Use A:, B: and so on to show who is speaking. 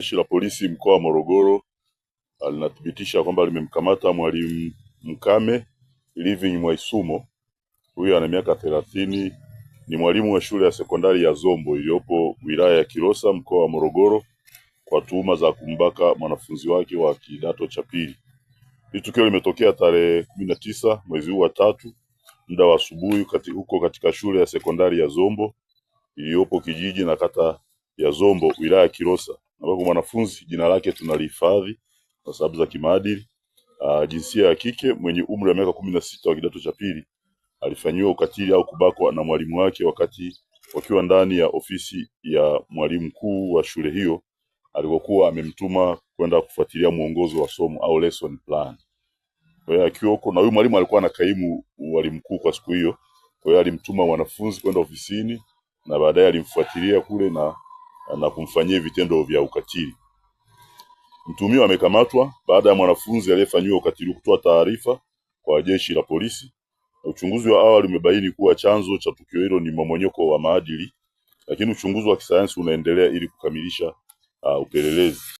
A: Jeshi la Polisi mkoa wa Morogoro alinathibitisha linathibitisha kwamba limemkamata mwalimu Mkame Living Mwaisumo. huyo ana miaka thelathini, ni mwalimu wa shule ya sekondari ya Zombo iliyopo wilaya ya Kilosa mkoa wa Morogoro kwa tuhuma za kumbaka mwanafunzi wake wa kidato cha pili. Hili tukio limetokea tarehe kumi na tisa mwezi huu wa tatu muda wa asubuhi kati huko katika shule ya sekondari ya Zombo iliyopo kijiji na kata ya Zombo wilaya ya Kilosa. Kwa hiyo mwanafunzi jina lake tunalihifadhi kwa sababu za kimaadili. Uh, jinsia ya kike mwenye umri wa miaka kumi na sita wa kidato cha pili alifanyiwa ukatili au kubakwa na mwalimu wake wakati wakiwa ndani ya ofisi ya mwalimu mkuu wa shule hiyo alikokuwa amemtuma kwenda kufuatilia mwongozo wa somo au lesson plan. Kwa hiyo akiwa huko na huyu mwalimu alikuwa anakaimu mwalimu mkuu kwa siku hiyo, kwa hiyo alimtuma mwanafunzi kwenda ofisini na baadaye alimfuatilia kule na na kumfanyia vitendo vya ukatili. Mtumio amekamatwa baada ya mwanafunzi aliyefanyiwa ukatili kutoa taarifa kwa jeshi la polisi. Uchunguzi wa awali umebaini kuwa chanzo cha tukio hilo ni mmomonyoko wa maadili, lakini uchunguzi wa kisayansi unaendelea ili kukamilisha uh, upelelezi.